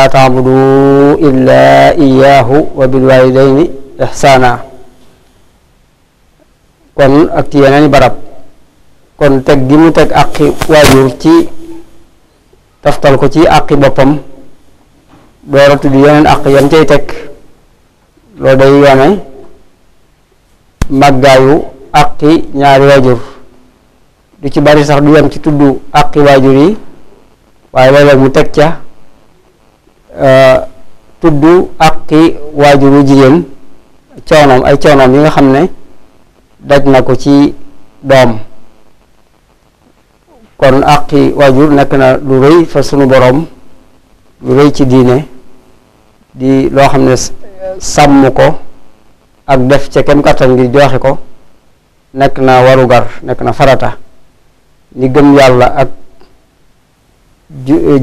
laa taabudu illa iyaahu wa bilwaalidayni ihsaana kon ak ci yeneeni barab kon teg gi mu teg àqi waajur ci taftal ko ci àqi boppam door a tudd yeneen àq yam cay teg loolu day yoone màggaayu àqi ñaari waajur du ci bari sax du yem ci tudd àqi waajur yi waaye léeg mu teg ca tudd àqi waajuru jigéen coonoom ay coonoom yi nga xam ne daj na ko ci doom kon àqi waajur nekk na lu rëy fa sunu boroom lu rëy ci diine di loo xam ne sàmm ko ak def ca kem kattan ngir joxe ko nekk na warugar nekk na farata ni gëm yàlla ak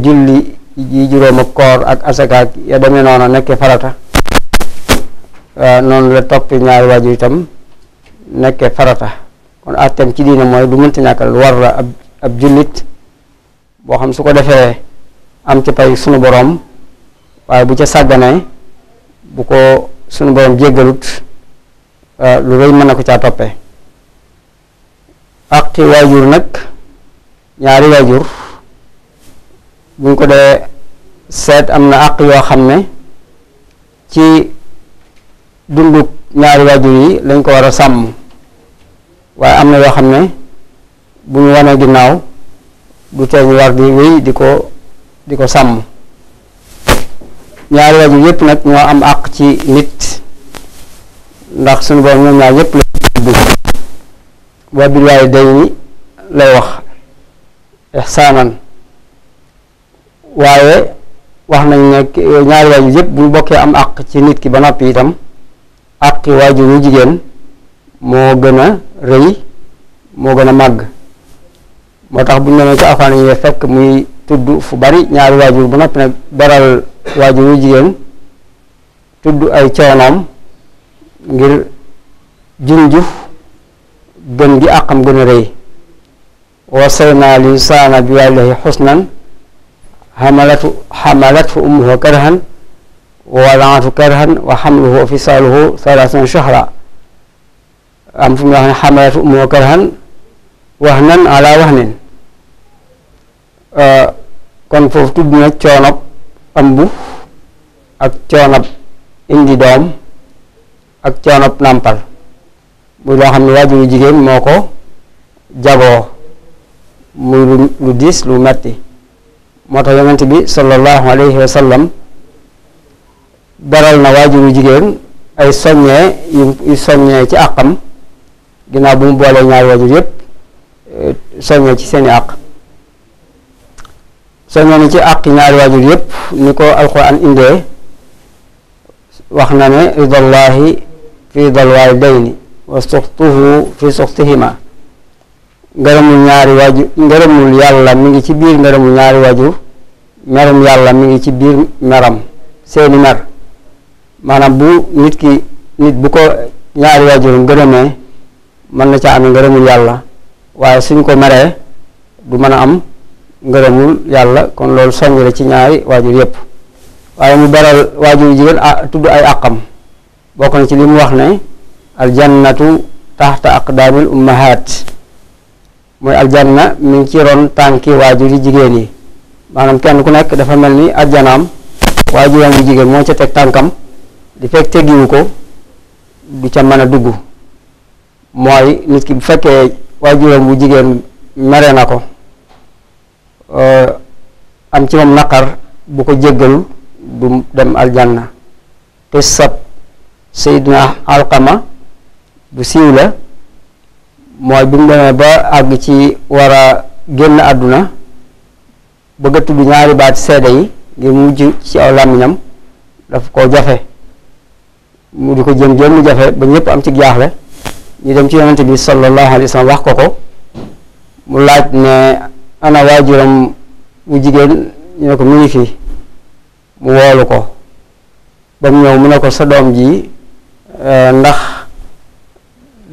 julli ji juróom ak koor ak asakaak ya demee noonu nekkee farata ah, noonu la toppi ñaari waajur itam nekkee farata kon àtteem ci diine mooy lu mënta lu war la ab ab jullit boo xam su ko defee am ci pay sunu boroom waaye bu ca sàgganee bu ko sunu boroom jéggalut ah, lu rëy mën na ko caa toppee àqi waajur nag ñaari waajur buñ ko dee seet am na àq yoo xam ne ci dunduk ñaari waajur yi lañ ko war a sàmm waaye am na yoo xam ne bu ñu wanee ginnaaw du tee ñu war di wéy di ko di ko sàmm ñaari waajur yépp nag ñoo am àq ci nit ndax suñu borom ñoom ñaar yépp la tudd wa lay wax ihsaanan waaye wax nañ ne eh, ñaari waajur yëpp buñ bokkee am àq ci nit ki ba noppi itam àqi waajur wu jigéen moo gën a rëy moo gën a màgg moo tax buñ demee ci afaan yi fekk muy tudd fu bari ñaari waajur ba noppi nag beral waajur wu jigéen tudd ay coonoom ngir junju gën gi àqam gën a rëy wasay naa lisaana bi waalihi xusnan حملته حملته أمه كرها ووضعته كرها وحمله وفصاله ثلاثون شهرا am fu mu wax ne xamalatu ummu karhan wahnan ala wahnin kon foofu tudd na coonob ëmb ak coonob indi doom ak coonob nàmpal muy loo xam ne waajuru jigéen moo ko jagoo muy lu diis lu metti moo tax yonent bi sallallahu alayhi wa sallam beral na waajuru jigéen ay soññee yu soññee ci àqam ginnaaw bu mu boolee ñaari waajur yépp eh, soññee ci seeni àq soññee ni ci àqi ñaari waajur yépp ni ko alquran indee wax na ne ridallahi fi ridal walidayni wa suxtuhu fi suxtihima ngërëmul ñaari waajur ngërëmul yàlla mi ngi ci biir ngërëmul ñaari waajur merum yàlla mi ngi ci biir meram seeni mer maanaam bu nit ki nit bu ko ñaari waajur ngërëmee mën na ca am ngërëmul yàlla waaye suñ ko meree du mën a am ngërëmul yàlla kon loolu soññ la ci ñaari waajur yépp waaye mu beral waajur jigéen ah, tudd ay àqam bokk na ci li wax ne aljannatu taxta aqdaamil ummahaat mooy aljanna mi ngi ci ron tànki waajur yi jigéen yi maanaam kenn ku nekk dafa mel ni aljanaam waajuram bu jigéen moo ca teg tànkam di fekk teggiwu ko du ca mën a dugg mooy nit ki bu fekkee waajuram bu jigéen mere na ko euh, am ci moom naqar bu ko jéggalul du dem aljanna te sab Seydina Alqama bu siiw la mooy bi mu demee ba àgg ci war a génn àdduna bëgg a tudd ñaari baat seede yi ngir mujj ci aw làmmiñam daf koo jafe mu di ko jëm jëm mu jafe ba ñëpp am ci jaaxle ñu dem ci yonente bi sallallahu alayhi wa wax ko ko mu laaj ne ana waajuram bu jigéen ñu ne ko mu ngi mu woolu ko ba mu ñëw mu ne ko sa doom ji eh, ndax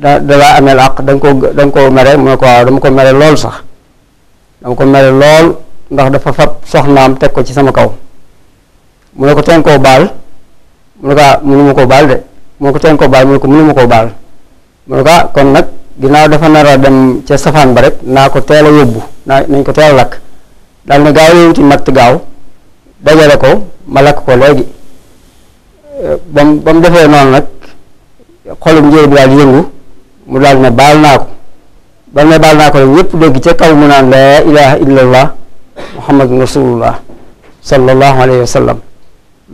da dalaa ameel àq da nga ko da nga ko mere mu ne ko waaw dama ko mere lool sax dama ko mere lool ndax dafa fab soxnaam teg ko ci sama kaw mu ne ko teen koo baal mu ko ah mënu baal mu ne ko teen ah, koo mu ko mënu ma koo baal mu ne ko ah kon nag ginnaaw dafa nar a dem ca safaan ba rek naa ko teel a yóbbu naa nañ ko teel lakk daal ne gaaw yowuti matt gaaw dajale ko ma lakk ko léegi ba mu defee noonu nag xolum njëriñ daal yëngu mu daal ne baal naa ko ba ne baal naa ko rek ñëpp dégg ca kaw mu naan laa ilaha illallah muhammadun rasulullah sallallahu alayhi wa sallam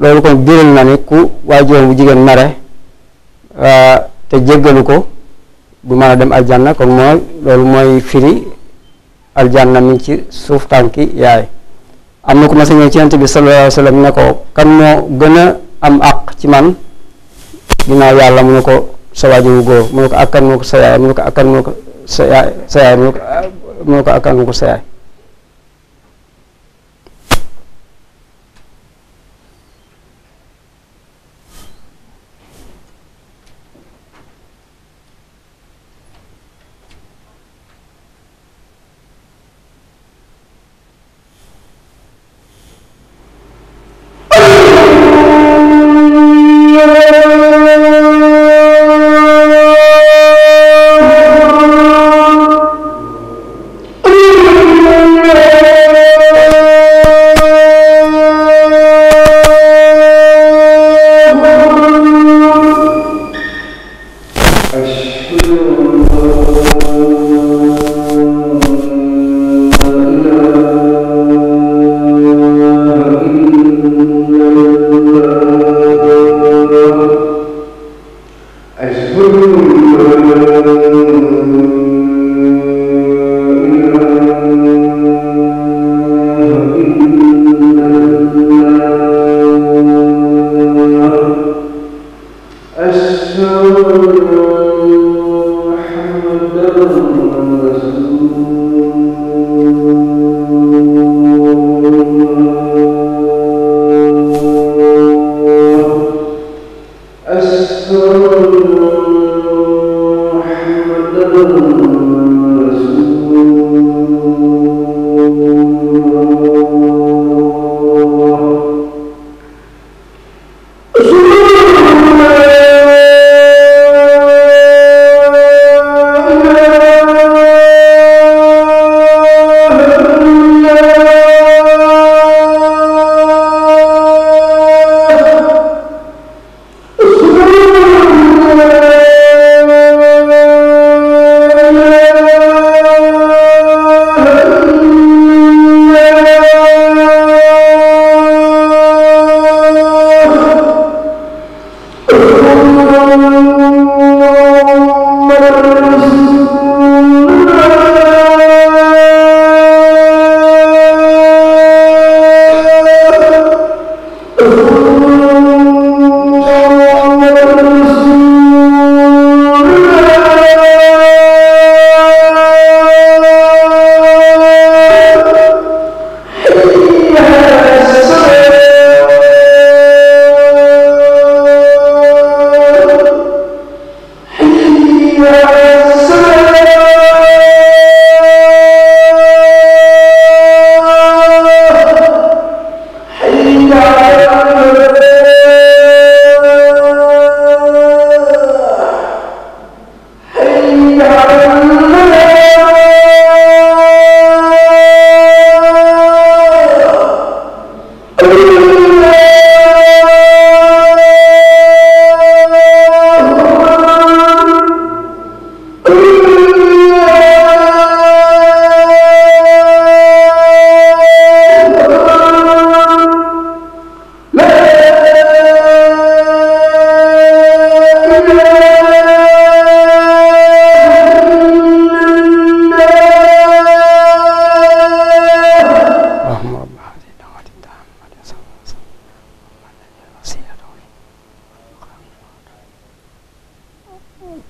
loolu kon biral na ni ku waajuram bu jigéen mare ah, te jéggalu ko du mën a dem aljanna kon mooy loolu mooy firi aljanna mi ci suuf tànki yaay am na ku ma sañoo ci yonent bi sallallahu alayhi ne ko kan moo gën a am àq ci man ginnaaw yàlla mu ne ko sa waajur mu ne ko akkan moo ko sa yaay mu akkan moo ko sa yaay sa akkan moo ko sa أشهد أن لا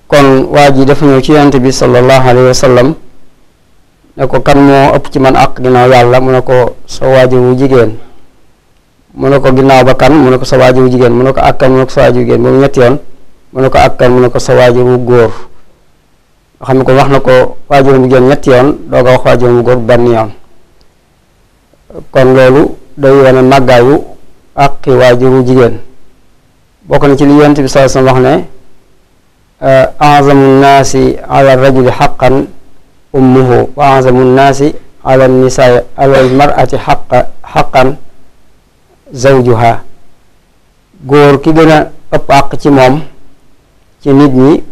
kon waa ji dafa ñëw ci yonent bi sallallahu alayhi wa sallam ne ko kan moo ëpp ci man ak ginnaaw yàlla mu ne ko sa waajur wu jigéen mu ne ko ginnaaw ba kan mu ne ko sa waajur wu jigéen mu ne ko ak kan mu ne ko sa waajur jigéen mu ñetti yoon mu ne ko ak kan mu ne ko sa waajur wu góor nga xam na ko waajur bu jigéen ñetti yoon doog a wax góor benn yoon kon loolu day wane màggaayu àqi waajur wu jigéen bokk na ci li yonent bi sallallahu wax ne azamu nnaasi ala rajuli xaqan ummuhu wa azamu nnaasi ala nisaai ala almarati xaqa xaqan zawjuha góor ki gën a ëpp àq ci moom ci nit ñi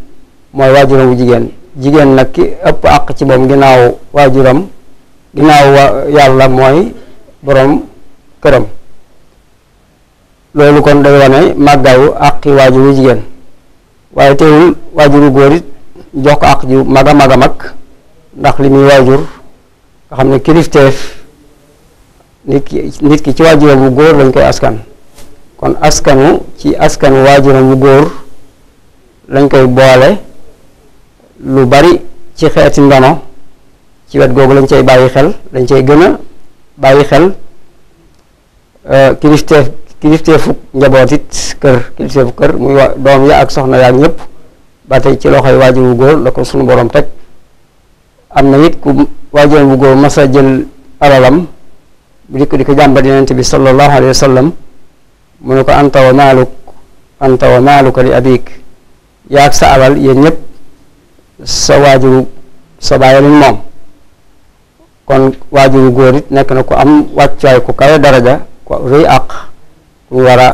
mooy waajuram bu jigéen jigéen nag ki ëpp àq ci moom ginnaaw waajuram ginnaaw wa yàlla mooy boroom këram loolu kon day wane màggaayu àqi waajur wu jigéen waaye teewul waajuru góor it jox ko àq ju mag a mag a mag ndax li muy waajur nga xam ne kilifteef nit ki nit ki ci waajuram bu góor lañ koy askan kon askanu ci askanu waajuram bu góor lañ koy boole lu bari ci xeeti ndono ci wet googu lañ cay bàyyi xel lañ cay gën a bàyyi xel euh, kilifteef kilifteefu njaboot it kër kilifteefu kër muy wa doom ya ak soxna yaak ñëpp ba tey ci loxoy waajur wu góor la ko suñu borom teg am na it ku waajur wu góor mas a bu dikk di ko jàmbat yonent bi sallallahu alayhi wa mu ne ko anta wa maaluk anta wa sa alal yéen ñëpp kon waajur góor it nekk na ku am wàccuwaay ku kawe daraja ku rëy àq war a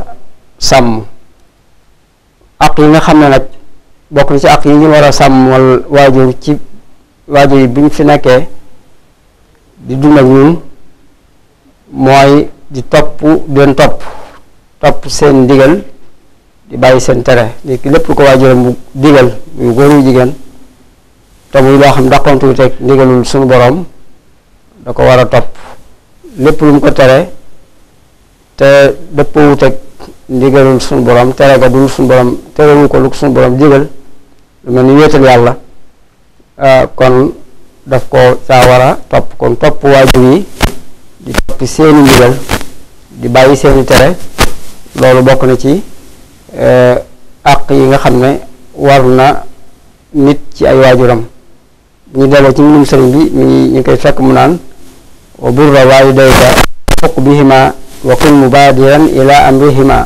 sàmm ak yi nga xam ne nag bokk na ci ak yi ñu war a sàmmal waajur ci waajur yi buñ fi nekkee di dund ak ñun mooy di topp di leen topp topp seen digal di bàyyi seen tere di lépp lu ko waajuram bu digal muy góor yu jigéen te muy loo xam dàqontu ndigalul suñu boroom da ko war a topp lépp lu mu ko tere te dëppwut ak ndigalul suñu borom tere ga dul suñu borom terewu ko lu suñu borom digal lu mel ni wéetal yàlla ah, kon daf ko caa war topp kon topp waajur yi di topp seeni ndigal di bàyyi seeni tere loolu bokk na ci eh, àq yi nga xam ne war na nit ci ay waajuram ñu delloo ci mbirum sëriñ bi mi ñu koy fekk mu naan wa burra waaliday ka fokk bihima وكن مبادرا إلى أمرهما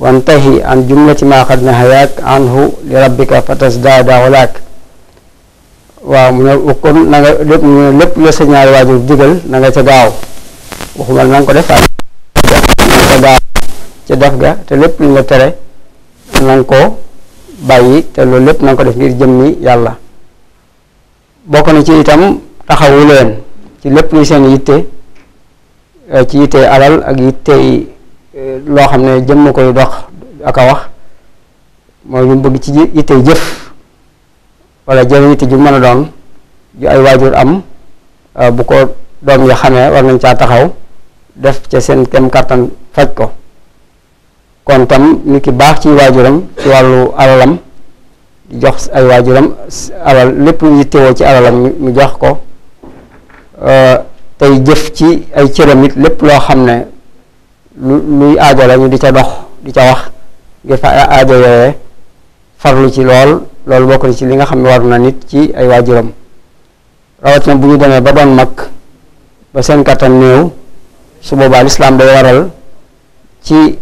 وانتهي عن جملة ما قد نهياك عنه لربك فتزداد علاك waaw mu ne kon na nga lépp mu ne lépp la sa ñaari waajur digal na ca gaaw waxuma na nga ko def waaye ca def ga te lépp lu la tere na nga ko bàyyi te loolu lépp na ko def ngir jëmmi yàlla bokk na ci itam taxawu ci lépp luy seen yitte ci yittey alal ak yittey eh, loo xam ne jëmm koy dox ak a wax mooy lu mu bëgg ci yittey jëf wala jëriñ yitte ju mën a doon ju ay waajur am eh, bu ko doom ya xamee war nañ caa taxaw def ca seen kem kàttan faj ko kontam nit ki baax ci waajuram ci wàllu alalam di jox ay waajuram alal lépp lu yittewoo ci alalam mu jox ko eh, tey jëf ci ay cëram it lépp loo xam ne lu luy aajo la di ca dox di ca wax ngir fa aajo yooyee farlu ci lool loolu bokk na ci li nga xam ne war na nit ci ay waajuram rawatina bu ñu demee ba doon mag ba seen kattan néew su boobaa lislaam day waral ci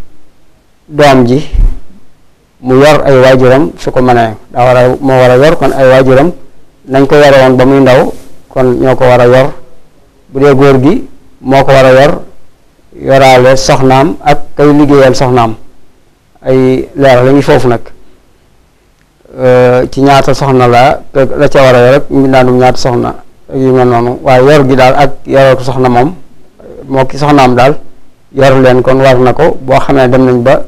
doom ji mu yor ay waajuram su ko mënee daa war moo war yor kon ay waajuram nañ ko yore woon ba muy ndaw kon ñoo ko war yor bu dee góor gi moo ko war a yor yoraale soxnaam ak kay liggéeyal soxnaam ay leeral la ñuy foofu nag ci ñaata soxna la la ca war a yor rek mbindaanum ñaata soxna yu mel noonu waaye yor gi daal ak yoroo ko soxna moom moo ki soxnaam daal yor leen kon war na ko boo xamee dem nañ ba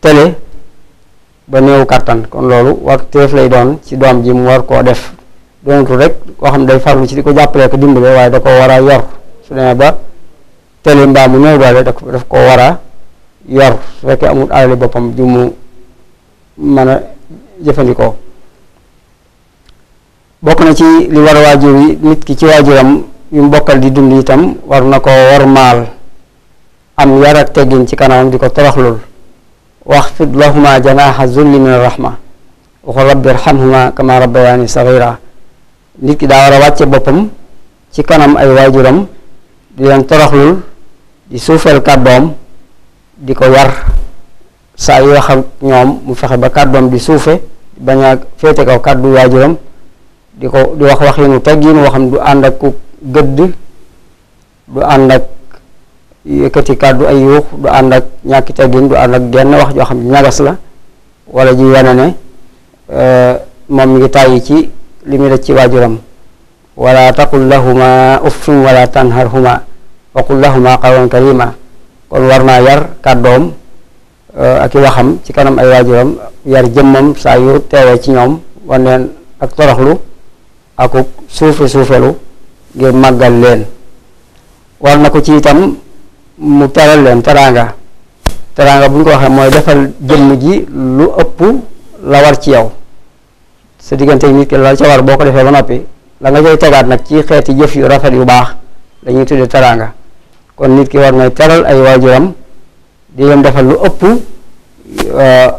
télé ba néew kàttan kon loolu war téef lay doon ci doom ji mu war koo def doonatul rek koo xam day farlu ci di ko jàppalee ko dimbale waaye da ko war a yor su demee ba tële mbaa mu néew doole daf ko war yor su fekkee amul alali boppam ju mu a jëfandikoo bokk na ci li war waajur yi nit ki ci waajuram yu mu bokkal di dund itam war na ko wormaal am yar ak teggin ci kanamam di ko toroxlul wax fid lahuma janaaxa zulli min rahma waxul rabbi irhamhuma kama rabbayaani sagira nit ki daa war a wàcce boppam ci kanam ay waajuram di leen toroxlul di suufeel kàddoom di ko war sa yu wax ñoom mu fexe ba kàddoom di suufe bañ a féete kaw kàddu waajuram di ko di wax wax yi nu teggiin waxam du ànd ak ku gëdd du ànd ak yëkkati kàddu ay yuux du ànd ak ñàkki teggin du ànd ak genn wax joo xam ne ñagas la wala ji wane ne euh, moom ngi tàyyi ci li mu daj ci waajuram wala taqul lahuma uffin wala tanharhuma waqul lahuma qawlan karima kon war naa yar kàddoom euh, ak i waxam ci kanam ay waajuram yar jëmmam saa yu teewee ci ñoom wan leen ak toroxlu ak suufe suufelu ngir màggal leen war ko ci itam mu teral leen teraanga teraanga bu ñu ko waxee mooy defal jëmm ji lu ëpp la war ci yow sa diggante nit ki la ca war boo ko defee ba noppi la nga cay tegaat nag ci xeeti jëf yu rafet yu baax dañuy tuddee teraanga kon nit ki war na teral ay waajuram di leen defal lu ëpp euh,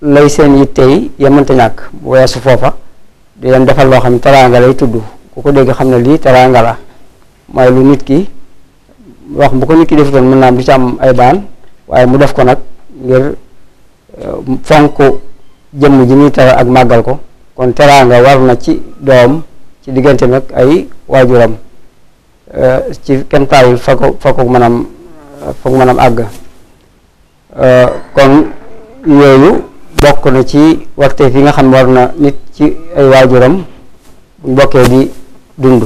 lay seen yitte yi yemante ñàkk bu weesu foofa di leen defal loo xam ne teraanga lay tudd ku ko dégg xam ne lii teraanga la mooy lu nit ki wax bu ko nit ki defutoon mën naa am du ci am ay baan waaye mu def ko nag ngir euh, fonk jëmm ji muy teral ak màggal ko kon teraanga war na ci doom ci diggante nag ay waajuram eh, ci kemtaayul fa ko fa ko mënam fa ko mënam àgg eh, kon yooyu bokk na ci waxte fi nga xam war na nit ci ay waajuram buñ bokkee di dund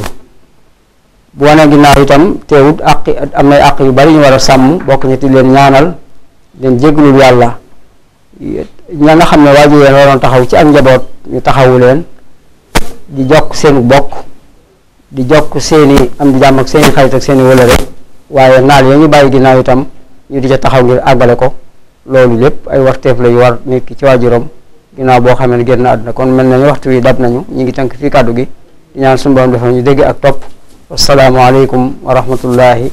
bu wane ginnaaw itam teewut àq am nay àq yu bari ñu war a sàmm bokk na ci leen ñaanal leen jégalul yàlla ña nga xam ne waajur yeen waroon taxaw ci ak njaboot ñu taxawu leen di jokk seen bokk di jokk seeni am di jàmm ak seeni xarit ak seeni wëlëre waaye naal ya ñu bàyyi ginnaaw itam ñu di ca taxaw ngir àggale ko loolu lépp ay warteef la yu war nit ki ci waajuram ginnaaw boo xamee ne génn àdduna kon mel nañu waxtu wi dab nañu ñu ngi tënk fii kàddu gi di ñaan suñu borom defal ñu dégg ak topp wassalaamu aleykum wa rahmatullahi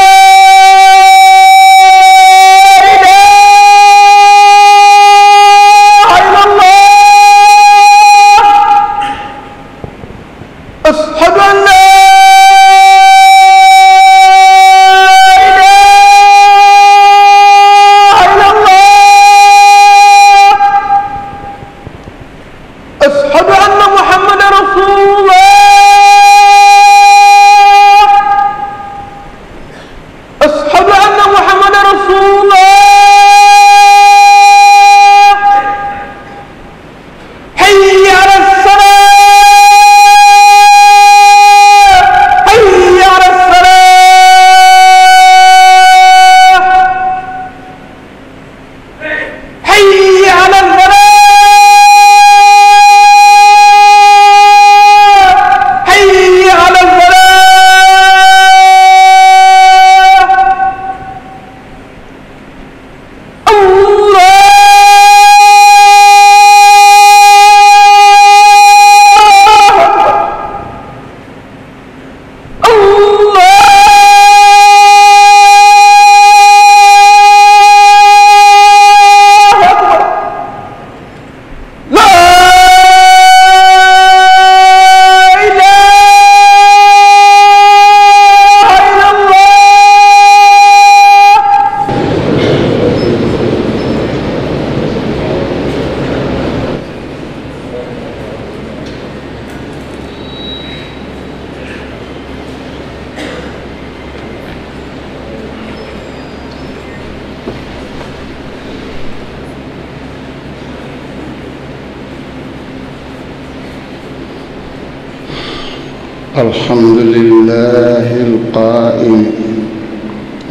الحمد لله القائم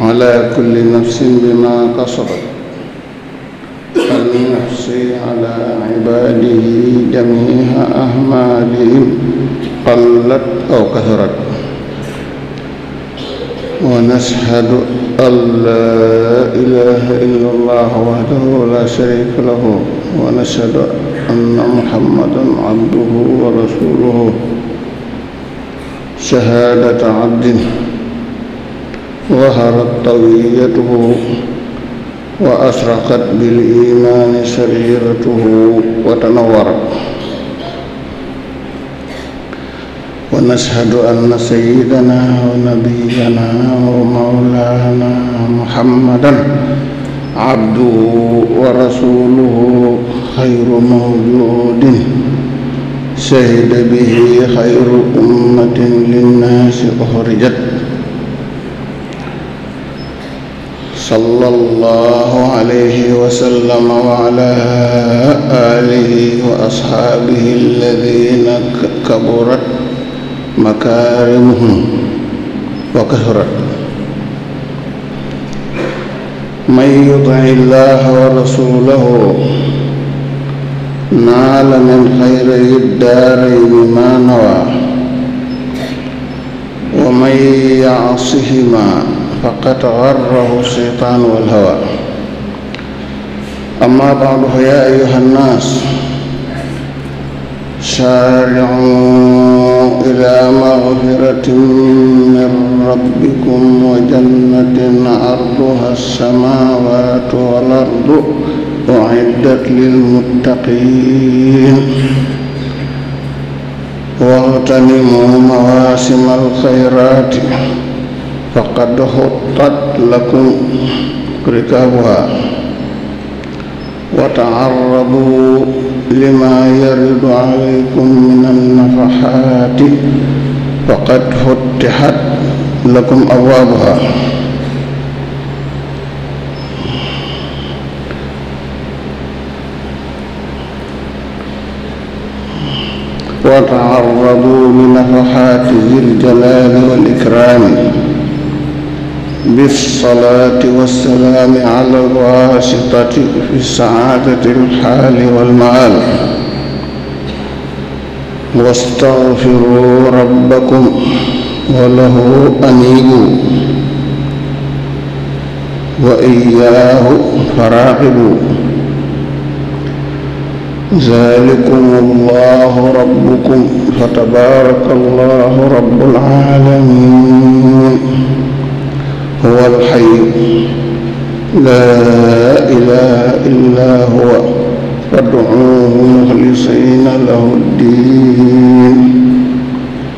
على كل نفس بما كسبت فلنحصي على عباده جميع أعمالهم قلت أو كثرت ونشهد أن لا إله إلا الله وحده لا شريك له ونشهد أن محمدا عبده ورسوله شهادة عبد ظهرت طويته وأشرقت بالإيمان سريرته وتنورت ونشهد أن سيدنا ونبينا ومولانا محمدا عبده ورسوله خير موجود شهد به خير أمة للناس أخرجت صلى الله عليه وسلم وعلى آله وأصحابه الذين كبرت مكارمهم وكثرت من يطع الله ورسوله نال من خير الدارين ما نوى ومن يعصهما فقد غره الشيطان والهوى أما بعد فيا أيها الناس سارعوا إلى مغفرة من ربكم وجنة عرضها السماوات والأرض uiddat lilmuttaqiin wagtanimu mawaasima alxayraati faqad xuttat lakum rikaabuha wa taarradu lima yaridu alaykum min annafaxaati faqad futtixat lakum abwaabuha وتعرضوا لنفحات ذي الجلال والإكرام بالصلاة والسلام على الواسطة في سعادة الحال والمآل واستغفروا ربكم وله أنيبوا وإياه فراقبوا zalikum allahu rabbukum fa tabaraka allahu rabbul alamin huwa alxayu la ilaha illa huwa fadcuuhu muxlisina lahu ddin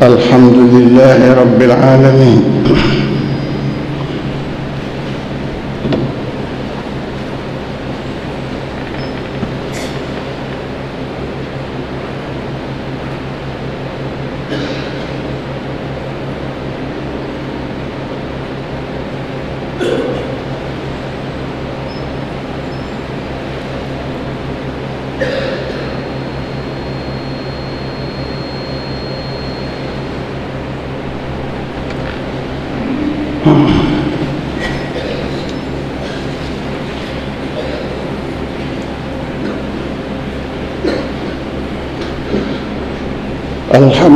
alhamdulilahi rabbil alamin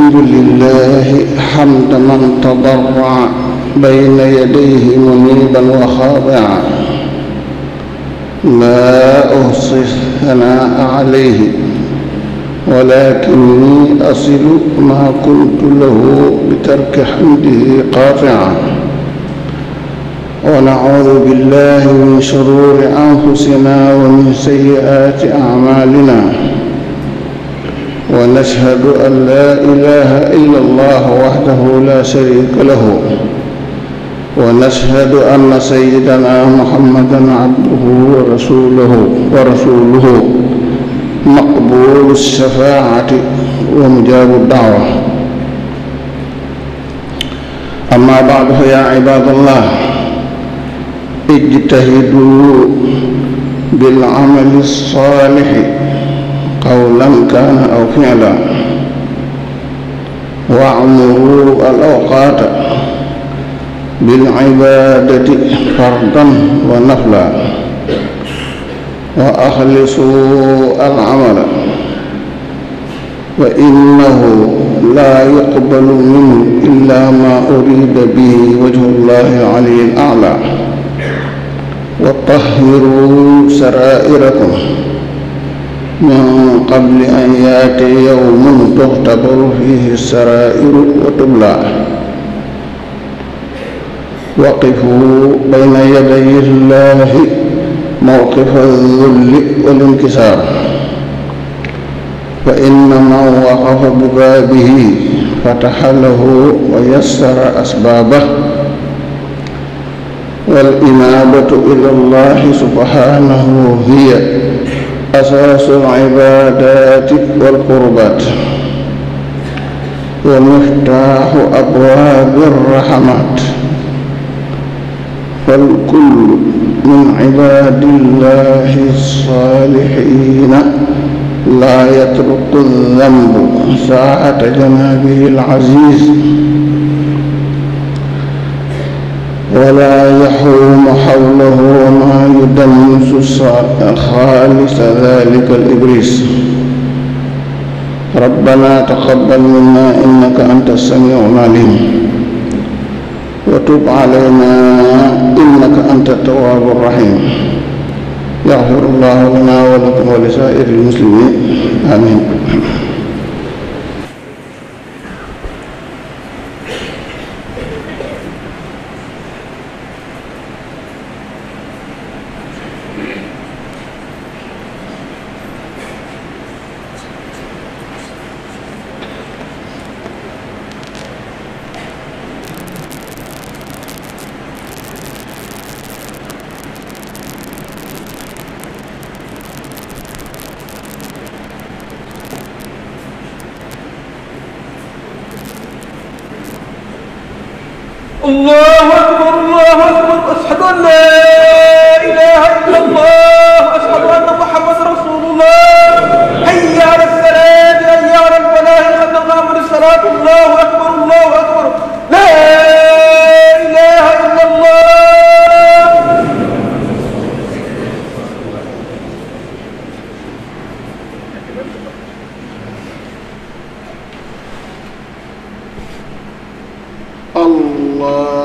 alhamdulillahi hamda man tadarra bayna yadayhi muniban wa xaadi'a laa uhsi sanaa alayhi walakinni asilu maa kuntu lahu bitarki hamdihi qaati'a wa na'uudu billahi min shururi anfusina wa min sayyi'aati a'maalinaa ونشهد أن لا إله إلا الله وحده لا شريك له ونشهد أن سيدنا محمدا عبده ورسوله ورسوله مقبول الشفاعة ومجاب الدعوة أما بعد فيا عباد الله اجتهدوا بالعمل الصالح قولا كان أو فعلا واعمروا الأوقات بالعبادة فردا ونفلا وأخلصوا العمل فإنه لا يقبل منه إلا ما أريد به وجه الله العلي الأعلى وطهروا سرائركم من قبل أن يأتي يوم تختبر فيه السرائر وتبلى وقفوا بين يدي الله موقف الذل والانكسار فإن من وقف ببابه فتح له ويسر أسبابه والإنابة إلى الله سبحانه هي أساس العبادات والقربات ومفتاح أبواب الرحمات فالكل من عباد الله الصالحين لا يترك الذنب ساعة جنابه العزيز ولا يحوم حوله وما يدمس خالص ذلك الإبليس ربنا تقبل منا إنك أنت السميع العليم وتب علينا إنك أنت التواب الرحيم يغفر الله لنا ولكم ولسائر المسلمين آمين الله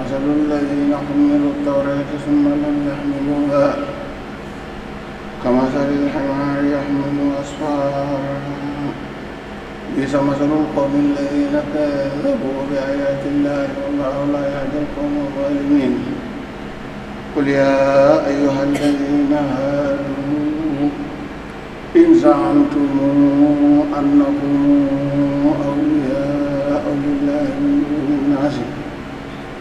مثل الذين حملوا التوراة ثم لم يحملوها كمثل الحمار يحمل أسفارا بئس مثل القوم الذين كذبوا بآيات الله والله لا يهدي القوم الظالمين قل يا أيها الذين هادوا إن زعمتم أنكم أولياء لله من دون الناس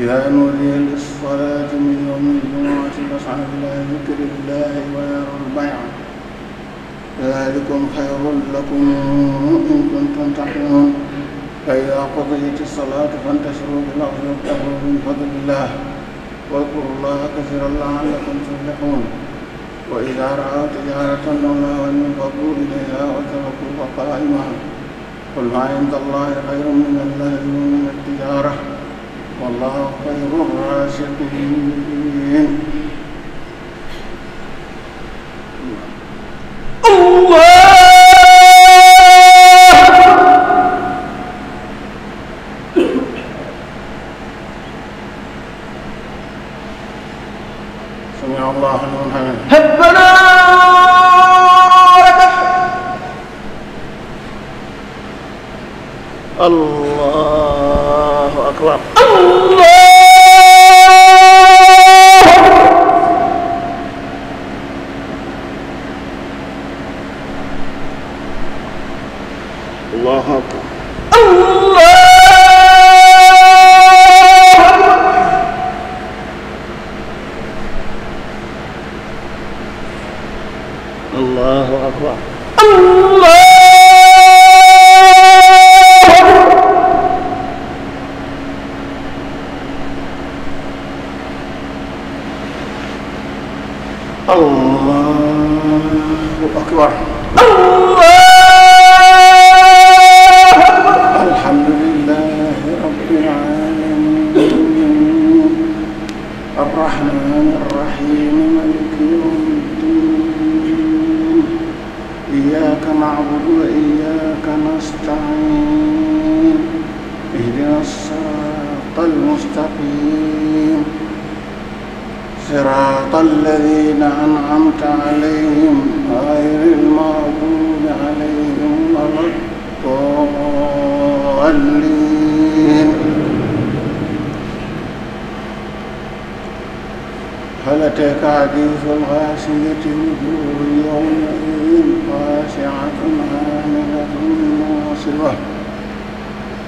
إذا نودي للصلاة من يوم الجمعة فاسعوا إلى ذكر الله وذروا البيع ذلكم خير لكم إن كنتم تعلمون فإذا قضيت الصلاة فانتشروا في الأرض وابتغوا من فضل الله واذكروا الله كثيرا لعلكم تفلحون وإذا رأوا تجارة أو لهوا انفضوا إليها وتركوك قائما قل ما عند الله خير من الله ومن التجارة والله خير الرازقين الله المستقيم صراط الذين أنعمت عليهم غير المغضوب عليهم ولا الضالين هل أتاك حديث الغاشية وجوه يومئذ خاشعة عاملة ناصبة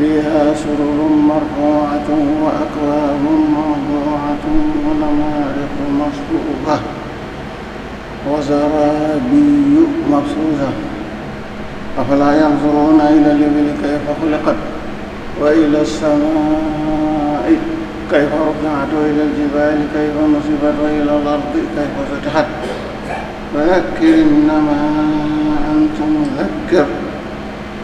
فيها سرر مرفوعة وأكواب موضوعة ونمارق مصفوفة وزرابي مبثوثة أفلا ينظرون إلى الإبل كيف خلقت وإلى السماء كيف رفعت وإلى الجبال كيف نصبت وإلى الأرض كيف فتحت فذكر إنما أنت مذكر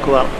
akbar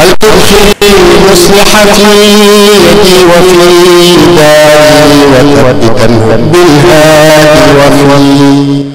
ولتبشري المصلح في نيتي وفي بالي وتوفقا بالهادي وفي